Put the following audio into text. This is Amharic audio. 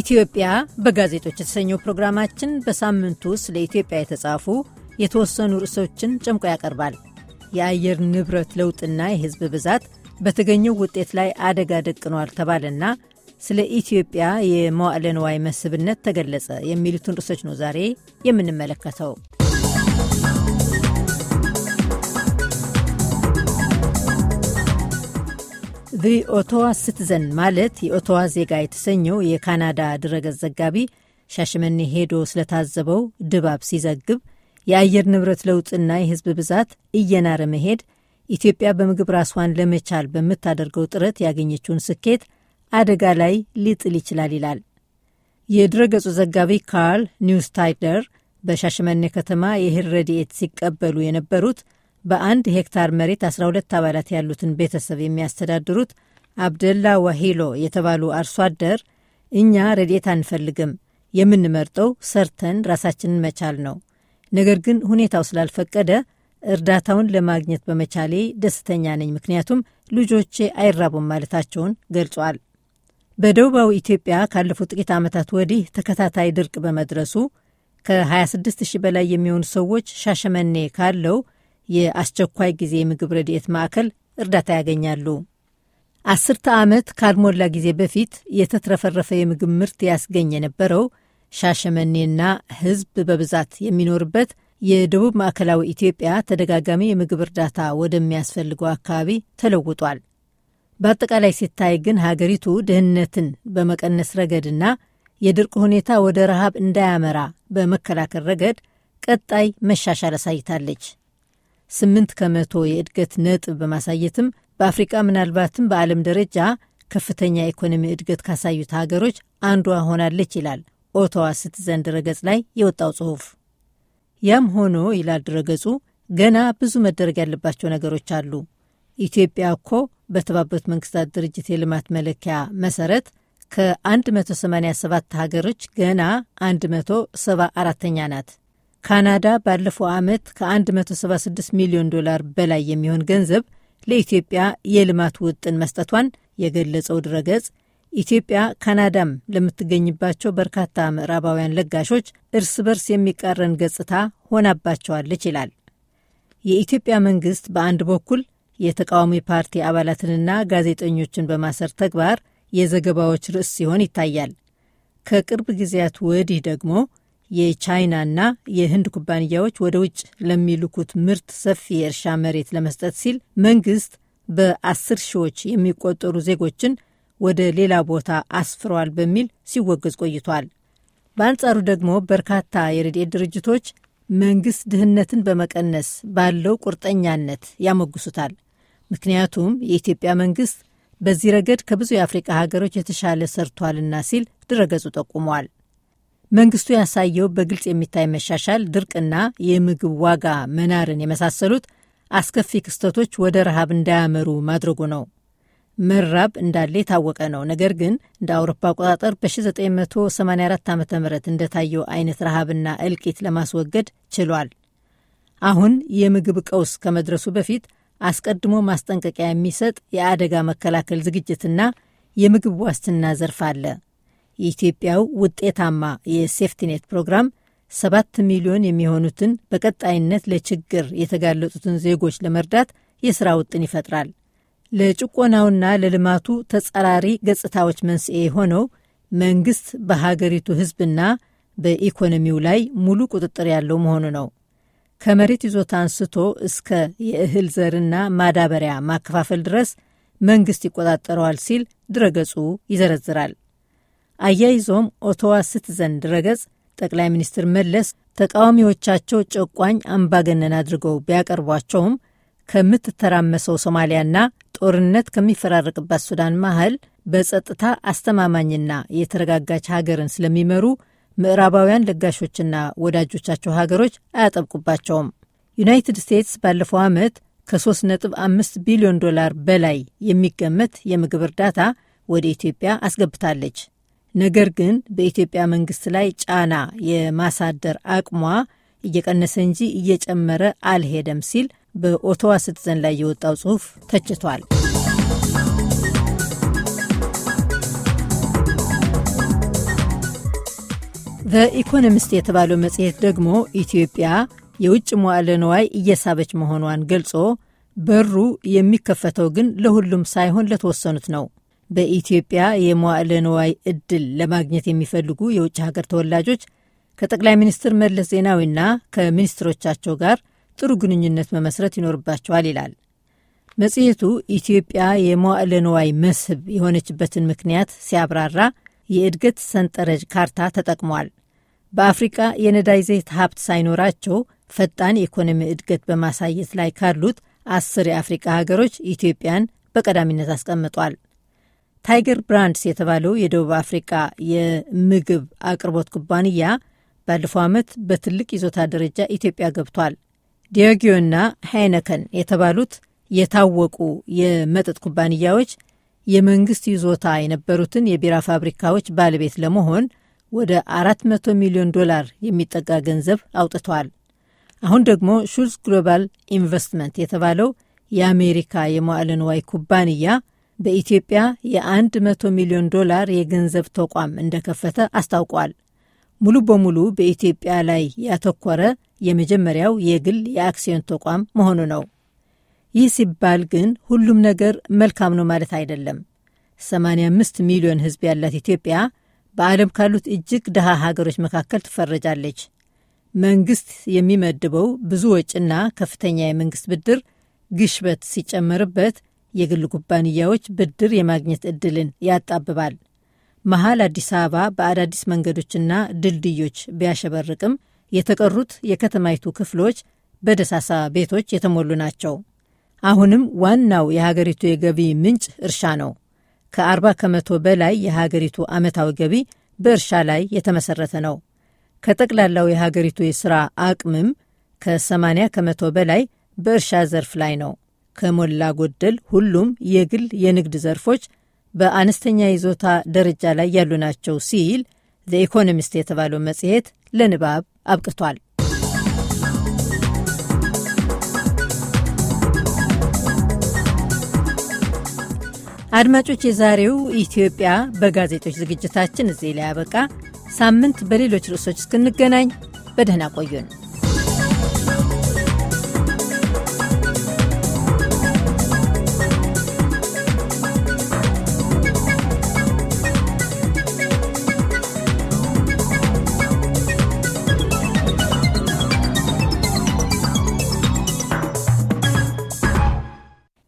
ኢትዮጵያ በጋዜጦች የተሰኘው ፕሮግራማችን በሳምንቱ ስለ ለኢትዮጵያ የተጻፉ የተወሰኑ ርዕሶችን ጨምቆ ያቀርባል። የአየር ንብረት ለውጥና የሕዝብ ብዛት በተገኘው ውጤት ላይ አደጋ ደቅኗል ተባለና ስለ ኢትዮጵያ የመዋዕለ ንዋይ መስህብነት ተገለጸ የሚሉትን ርዕሶች ነው ዛሬ የምንመለከተው። ቪ ኦቶዋ ስትዘን ማለት የኦቶዋ ዜጋ የተሰኘው የካናዳ ድረገጽ ዘጋቢ ሻሸመኔ ሄዶ ስለታዘበው ድባብ ሲዘግብ የአየር ንብረት ለውጥና የሕዝብ ብዛት እየናረ መሄድ ኢትዮጵያ በምግብ ራሷን ለመቻል በምታደርገው ጥረት ያገኘችውን ስኬት አደጋ ላይ ሊጥል ይችላል ይላል። የድረገጹ ዘጋቢ ካርል ኒውስታይደር በሻሸመኔ ከተማ የእህል ረድኤት ሲቀበሉ የነበሩት በአንድ ሄክታር መሬት 12 አባላት ያሉትን ቤተሰብ የሚያስተዳድሩት አብደላ ዋሂሎ የተባሉ አርሶ አደር እኛ ረድኤት አንፈልግም፣ የምንመርጠው ሰርተን ራሳችንን መቻል ነው። ነገር ግን ሁኔታው ስላልፈቀደ እርዳታውን ለማግኘት በመቻሌ ደስተኛ ነኝ፣ ምክንያቱም ልጆቼ አይራቡም ማለታቸውን ገልጿል። በደቡባዊ ኢትዮጵያ ካለፉት ጥቂት ዓመታት ወዲህ ተከታታይ ድርቅ በመድረሱ ከ26 ሺህ በላይ የሚሆኑ ሰዎች ሻሸመኔ ካለው የአስቸኳይ ጊዜ የምግብ ረድኤት ማዕከል እርዳታ ያገኛሉ። አስርተ ዓመት ካልሞላ ጊዜ በፊት የተትረፈረፈ የምግብ ምርት ያስገኝ የነበረው ሻሸመኔና ሕዝብ በብዛት የሚኖርበት የደቡብ ማዕከላዊ ኢትዮጵያ ተደጋጋሚ የምግብ እርዳታ ወደሚያስፈልገው አካባቢ ተለውጧል። በአጠቃላይ ሲታይ ግን ሀገሪቱ ድህነትን በመቀነስ ረገድና የድርቅ ሁኔታ ወደ ረሃብ እንዳያመራ በመከላከል ረገድ ቀጣይ መሻሻል አሳይታለች። ስምንት ከመቶ የእድገት ነጥብ በማሳየትም በአፍሪቃ ምናልባትም በዓለም ደረጃ ከፍተኛ የኢኮኖሚ እድገት ካሳዩት ሀገሮች አንዷ ሆናለች ይላል ኦቶዋ ሲቲዘን ድረገጽ ላይ የወጣው ጽሑፍ። ያም ሆኖ ይላል ድረገጹ፣ ገና ብዙ መደረግ ያለባቸው ነገሮች አሉ። ኢትዮጵያ እኮ በተባበሩት መንግስታት ድርጅት የልማት መለኪያ መሰረት ከ187 ሀገሮች ገና 174ኛ ናት። ካናዳ ባለፈው ዓመት ከ176 ሚሊዮን ዶላር በላይ የሚሆን ገንዘብ ለኢትዮጵያ የልማት ውጥን መስጠቷን የገለጸው ድረገጽ ኢትዮጵያ ካናዳም ለምትገኝባቸው በርካታ ምዕራባውያን ለጋሾች እርስ በርስ የሚቃረን ገጽታ ሆናባቸዋለች ይላል። የኢትዮጵያ መንግስት በአንድ በኩል የተቃዋሚ ፓርቲ አባላትንና ጋዜጠኞችን በማሰር ተግባር የዘገባዎች ርዕስ ሲሆን ይታያል። ከቅርብ ጊዜያት ወዲህ ደግሞ የቻይናና የህንድ ኩባንያዎች ወደ ውጭ ለሚልኩት ምርት ሰፊ የእርሻ መሬት ለመስጠት ሲል መንግስት በአስር ሺዎች የሚቆጠሩ ዜጎችን ወደ ሌላ ቦታ አስፍረዋል በሚል ሲወገዝ ቆይቷል። በአንጻሩ ደግሞ በርካታ የረድኤት ድርጅቶች መንግስት ድህነትን በመቀነስ ባለው ቁርጠኛነት ያሞግሱታል። ምክንያቱም የኢትዮጵያ መንግስት በዚህ ረገድ ከብዙ የአፍሪቃ ሀገሮች የተሻለ ሰርቷልና ሲል ድረገጹ ጠቁሟል። መንግስቱ ያሳየው በግልጽ የሚታይ መሻሻል ድርቅና የምግብ ዋጋ መናርን የመሳሰሉት አስከፊ ክስተቶች ወደ ረሃብ እንዳያመሩ ማድረጉ ነው። መራብ እንዳለ የታወቀ ነው። ነገር ግን እንደ አውሮፓ አቆጣጠር በ1984 ዓ ም እንደታየው አይነት ረሃብና እልቂት ለማስወገድ ችሏል። አሁን የምግብ ቀውስ ከመድረሱ በፊት አስቀድሞ ማስጠንቀቂያ የሚሰጥ የአደጋ መከላከል ዝግጅትና የምግብ ዋስትና ዘርፍ አለ። የኢትዮጵያው ውጤታማ የሴፍቲኔት ፕሮግራም ሰባት ሚሊዮን የሚሆኑትን በቀጣይነት ለችግር የተጋለጡትን ዜጎች ለመርዳት የሥራ ውጥን ይፈጥራል። ለጭቆናውና ለልማቱ ተጸራሪ ገጽታዎች መንስኤ የሆነው መንግሥት በሀገሪቱ ሕዝብና በኢኮኖሚው ላይ ሙሉ ቁጥጥር ያለው መሆኑ ነው። ከመሬት ይዞታ አንስቶ እስከ የእህል ዘርና ማዳበሪያ ማከፋፈል ድረስ መንግሥት ይቆጣጠረዋል ሲል ድረገጹ ይዘረዝራል። አያይዞም ኦቶዋ ሲቲዘን ድረገጽ ጠቅላይ ሚኒስትር መለስ ተቃዋሚዎቻቸው ጨቋኝ አምባገነን አድርገው ቢያቀርቧቸውም ከምትተራመሰው ሶማሊያና ጦርነት ከሚፈራረቅባት ሱዳን መሀል በጸጥታ አስተማማኝና የተረጋጋች ሀገርን ስለሚመሩ ምዕራባውያን ለጋሾችና ወዳጆቻቸው ሀገሮች አያጠብቁባቸውም። ዩናይትድ ስቴትስ ባለፈው ዓመት ከ3.5 ቢሊዮን ዶላር በላይ የሚገመት የምግብ እርዳታ ወደ ኢትዮጵያ አስገብታለች። ነገር ግን በኢትዮጵያ መንግስት ላይ ጫና የማሳደር አቅሟ እየቀነሰ እንጂ እየጨመረ አልሄደም ሲል በኦቶዋ ስትዘን ላይ የወጣው ጽሑፍ ተችቷል። በኢኮኖሚስት የተባለው መጽሔት ደግሞ ኢትዮጵያ የውጭ መዋለ ንዋይ እየሳበች መሆኗን ገልጾ በሩ የሚከፈተው ግን ለሁሉም ሳይሆን ለተወሰኑት ነው በኢትዮጵያ የመዋዕለ ንዋይ እድል ለማግኘት የሚፈልጉ የውጭ ሀገር ተወላጆች ከጠቅላይ ሚኒስትር መለስ ዜናዊና ከሚኒስትሮቻቸው ጋር ጥሩ ግንኙነት መመስረት ይኖርባቸዋል ይላል መጽሔቱ። ኢትዮጵያ የመዋዕለ ንዋይ መስህብ የሆነችበትን ምክንያት ሲያብራራ የእድገት ሰንጠረዥ ካርታ ተጠቅሟል። በአፍሪቃ የነዳጅ ዘይት ሀብት ሳይኖራቸው ፈጣን የኢኮኖሚ እድገት በማሳየት ላይ ካሉት አስር የአፍሪቃ ሀገሮች ኢትዮጵያን በቀዳሚነት አስቀምጧል። ታይገር ብራንድስ የተባለው የደቡብ አፍሪቃ የምግብ አቅርቦት ኩባንያ ባለፈው ዓመት በትልቅ ይዞታ ደረጃ ኢትዮጵያ ገብቷል። ዲያጊዮና ሃይነከን የተባሉት የታወቁ የመጠጥ ኩባንያዎች የመንግስት ይዞታ የነበሩትን የቢራ ፋብሪካዎች ባለቤት ለመሆን ወደ 400 ሚሊዮን ዶላር የሚጠጋ ገንዘብ አውጥተዋል። አሁን ደግሞ ሹልስ ግሎባል ኢንቨስትመንት የተባለው የአሜሪካ የመዋዕለ ንዋይ ኩባንያ በኢትዮጵያ የአንድ መቶ ሚሊዮን ዶላር የገንዘብ ተቋም እንደከፈተ አስታውቋል። ሙሉ በሙሉ በኢትዮጵያ ላይ ያተኮረ የመጀመሪያው የግል የአክሲዮን ተቋም መሆኑ ነው። ይህ ሲባል ግን ሁሉም ነገር መልካም ነው ማለት አይደለም። 85 ሚሊዮን ሕዝብ ያላት ኢትዮጵያ በዓለም ካሉት እጅግ ድሃ ሀገሮች መካከል ትፈረጃለች። መንግስት የሚመድበው ብዙ ወጪና ከፍተኛ የመንግስት ብድር ግሽበት ሲጨመርበት የግል ኩባንያዎች ብድር የማግኘት ዕድልን ያጣብባል። መሀል አዲስ አበባ በአዳዲስ መንገዶችና ድልድዮች ቢያሸበርቅም የተቀሩት የከተማይቱ ክፍሎች በደሳሳ ቤቶች የተሞሉ ናቸው። አሁንም ዋናው የሀገሪቱ የገቢ ምንጭ እርሻ ነው። ከ40 ከመቶ በላይ የሀገሪቱ ዓመታዊ ገቢ በእርሻ ላይ የተመሰረተ ነው። ከጠቅላላው የሀገሪቱ የሥራ አቅምም ከ80 ከመቶ በላይ በእርሻ ዘርፍ ላይ ነው። ከሞላ ጎደል ሁሉም የግል የንግድ ዘርፎች በአነስተኛ ይዞታ ደረጃ ላይ ያሉ ናቸው ሲል ዘ ኢኮኖሚስት የተባለው መጽሔት ለንባብ አብቅቷል። አድማጮች፣ የዛሬው ኢትዮጵያ በጋዜጦች ዝግጅታችን እዚህ ላይ ያበቃ። ሳምንት በሌሎች ርዕሶች እስክንገናኝ በደህና ቆዩን።